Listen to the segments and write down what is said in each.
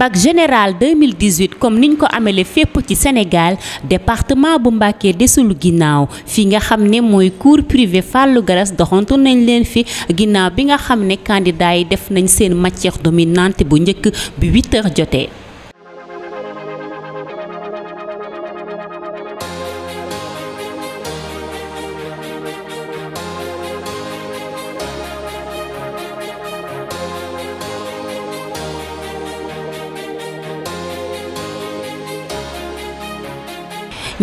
bac général 2018 comme niñ ko amele fépp ci Sénégal département bu Mbacké desul ginnaaw fi nga xam ne mooy cour privé Fallou Galass doxantu nañ leen fi ginnaaw bi nga xam ne candidat yi def nañ seen matière dominante bu njëkk bi 8 heures jotee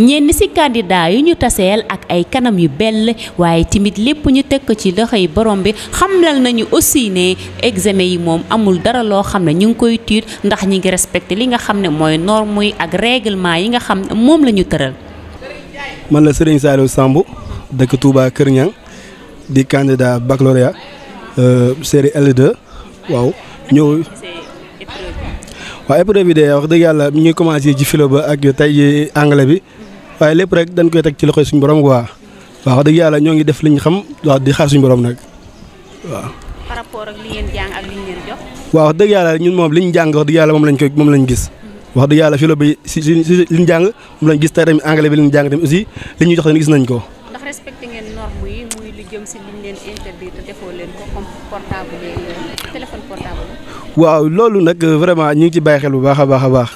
ñenn si candidat yu ñu taseel ak ay kanam yu bell waaye timit lépp ñu teg ko ci loxoy borom bi xamlal nañu aussi ne examen yi moom amul dara loo xam ne ñu ngi koy tiit ndax ñi ngi respecté li nga xam ne mooy norme yi ak règlement yi nga xam moom lañu ñu tëral. man la Serigne Saliou Samb dëkk Touba Kër Niang di candidat baccalauréat euh, série l waaw ñëw. waaw épreuve bi de wax dëgg yàlla mi ngi commencé ci filo ba ak tey anglais bi. waaye lépp rek dañ koy teg ci loxo suñu borom quoi waaw wax dëgg yàlla ñoo ngi def li ñu xam waa di xaar suñu borom nag waaw. wax dëgg yàlla ñun moom li ñu jàng wax dëgg yàlla moom lañ koy moom lañ gis. wax dëgg yàlla filo bi si si si li ñu jàng moom lañ gis tey tamit anglais bi li ñu jàng tamit aussi li ñuy jox tamit gis nañ ko. ndax respecté ngeen norme yi muy lu jëm si li leen interdit te defoo leen ko comme portable téléphone portable. waaw loolu nag vraiment ñu ngi ci bàyyi xel bu baax a baax a baax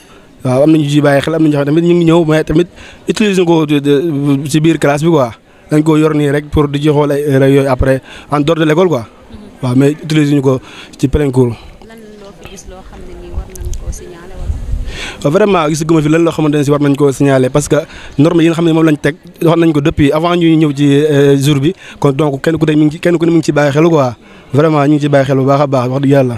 waaw am nañu ñu ciy bàyyi xel am na ñoo xam tamit ñu ngi ñëw mais tamit utiliser ko ci biir classe bi ko dañ koo yor nii rek pour di ci xool yooyu après en dehors de l'école mm-hmm. waaw mais utiliser ñu ko ci plein cours. koo signaler wala. vraiment gis guma fi lan loo xamante ne si parce que norme yi nga xam ne moom lañ teg nañ ko depuis avant ñuy ñëw ci euh, jour bi kon donc kenn ku ne mi ngi ci kenn ku ne mi ngi ci bàyyi xel quoi vraiment ñu ci bàyyi xel bu baax a baax wax dëgg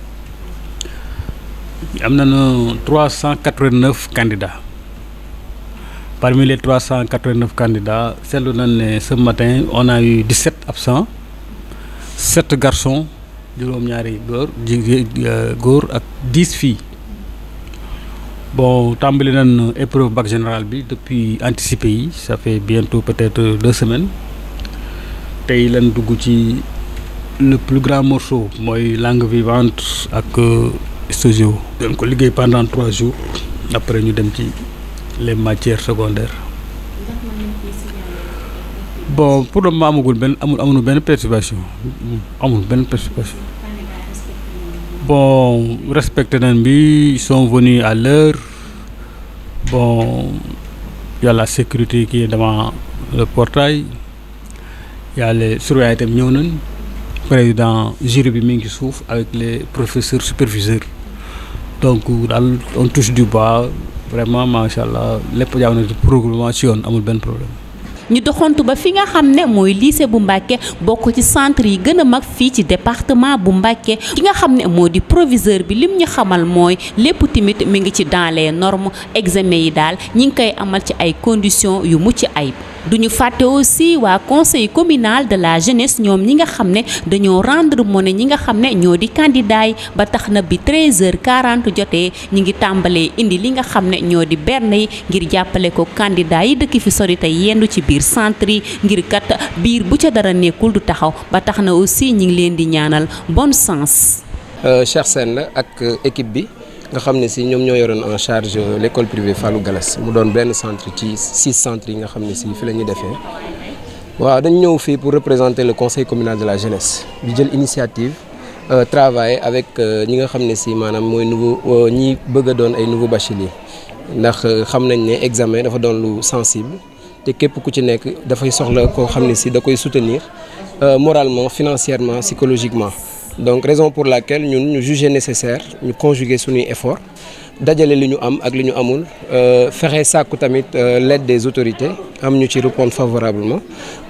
Il y a 389 candidats. Parmi les 389 candidats, celle ce matin, on a eu 17 absents, 7 garçons, 10 euh, filles. Bon, il épreuve bac général depuis anticipé, ça fait bientôt peut-être deux semaines. Et il y le plus grand morceau, la langue vivante, que stage suis doon travaillé pendant trois jours après nous les matières secondaires bon pour le moment il y a une bonne perturbation amul perturbation bon respecté nañ ils sont venus à l'heure bon y a la sécurité qui est devant le portail Il y a les surveillants sont venus. nañ président jury bi avec les professeurs superviseurs donc daal on touche du bois vraiment macha allah lépp jaaw na probablement ci yoon amul benn problème. ñu doxantu ba fi nga xam ne mooy lycée bu Mbacké bokk ci centre yi gën a mag fii ci département bu Mbacké ki nga xam ne moo di proviseur bi lim ñu xamal mooy lépp tamit mi ngi ci dans les normes examen yi daal ñi ngi koy amal ci ay conditions yu mucc ayib. duñu fàtte aussi waa conseil communal de la jeunes ñoom ñi nga xam ne dañoo rendre monnaie ñi nga xam ne ñoo di candidat yi ba tax na bi 13h40 jotee ñi ngi tàmbalee indi li nga xam ne ñoo di berne yi ngir jàppale ko candidat yi dëkk fi sori tey yendu ci biir centre yi ngir kat biir bu ca dara nekkul du taxaw ba tax na aussi ñi ngi leen di ñaanal bon sens. Euh, Cheikh la ak euh, équipe bi. Nous avons en charge euh, l'école privée Falu Galas Nous avons 6 centre six centres Nous nga ici. pour représenter le conseil communal de la jeunesse bi jël initiative euh, travailler avec euh, ñi nga avons un si nouveau ñi bachelier Nous xam nañ examen dafa sensible Et soutenir moralement financièrement psychologiquement donc raison pour laquelle ñun ñu jugé nécessaire ñu conjuguer suñuy effort dajale li ñu am ak li ñu amul euh, fexe sàkku tamit euh, l'aide des autorités am ñu ci répondre favorablement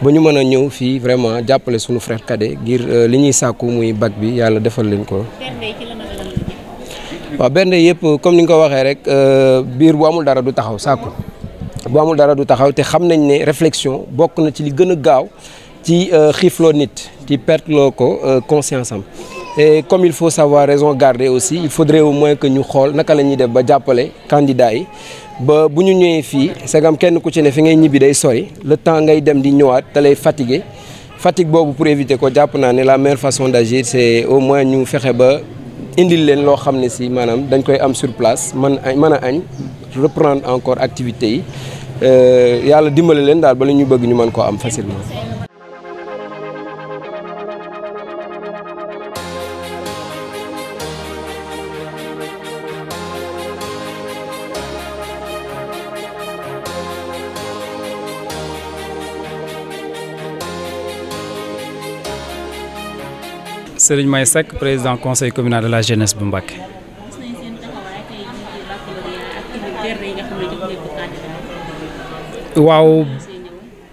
ba ñu mën a ñëw fii vraiment jàppale suñu frère cadet ngir euh, li ñuy sàkku muy bac bi yàlla defal leen ko. Wa benn yëpp comme ni nga ko waxee rek biir bu amul dara du taxaw sàkku bu amul dara du taxaw té xam nañ ne réflexion bokk na ci li gëna gaaw ci euh, xiflo nit ci perte ko euh, conscience am et comme il faut savoir raison garder aussi il faudrait au moins que ñu xol naka lañuy def ba jàppale candidat yi ba bu ñu ñëwee fii sagam kenn ku ci ne fi ngay ñibi day sori le temps ngay dem di ñëwaat da lay fatigué fatigue bobu pour éviter ko japp na ne la meilleure façon d'agir c'est au moins ñu fexé ba indil leen lo xamné si manam dañ koy am sur place man a mën añ reprendre encore activité yi euh yalla dimbalé leen dal ba la ñu bëgg ñu mën ko am facilement Serigne May Sek président conseil communal de la jeunesse bu Mbacké. waaw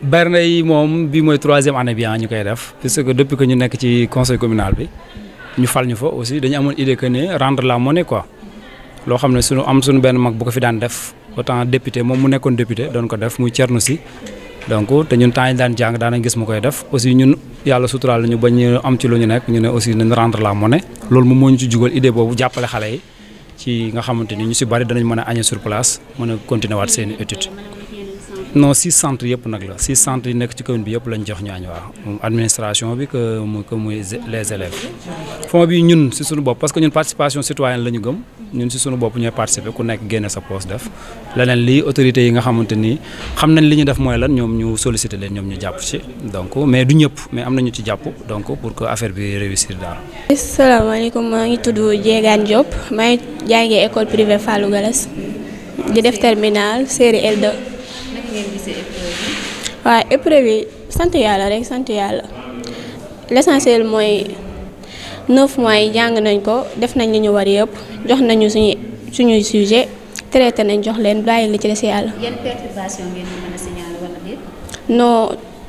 berne yi mom bi moy 3e année bi ah ñu koy def parce que depuis que ñu nek ci conseil communal bi ñu fal ñu fa aussi dañu amone idée que né rendre la monnaie quoi lo xamné suñu am suñu ben mag bu ko fi daan def autant député mom mu nekkoon député don ko def muy Thierno Sy donc té ñun temps yi daan jàng daanañ gis mu koy def aussi ñun yàlla suturaal ñu ba ñu am ci lu ñu nekk ñu ne aussi nañ rendre la monnaie loolu moom moo ñu ci jugal idée boobu jàppale xale yi ci nga xamante ni ñu si bari danañ mën a añee sur place mën a continuer waat seen étude non six centres yëpp nag la six centres yi nekk ci commune bi yëpp lañ jox ñaañ waa administration bi que muy que muy les élèves fond bi ñun si suñu bopp parce que ñun participation citoyenne la gëm ñun si suñu bopp ñooy participer ku nekk génne sa poste def leneen lii autorités yi nga xamante ni xam nañ li ñu def mooy lan ñoom ñu solliciter leen ñoom ñu jàpp ci donc mais du ñëpp mais am nañu ci jàpp donc pour que affaire bi réussir daal. asalaamaaleykum gisee épreuve yi. waaw épreuve yi sant yàlla rek sant yàlla l'essentiel mooy neuf mois yi jàng nañ ko def nañ li ñu war yëpp jox nañu suñu suñuy sujet traité nañ jox leen bàyyi li ci des yàlla. yan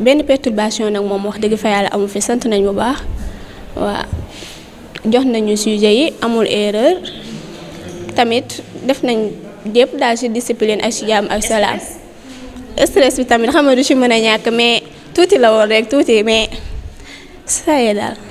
benn perturbation nag moom wax dëgg fa yàlla amu fi sant nañ bu baax waaw jox nañu sujet yi amul erreur tamit def nañ. yëpp daal ci discipline ak ci ak salaam stress bi tamit xam nga du ci mën a ñàkk mais tuuti la woon rek tuuti mais saa yee daal.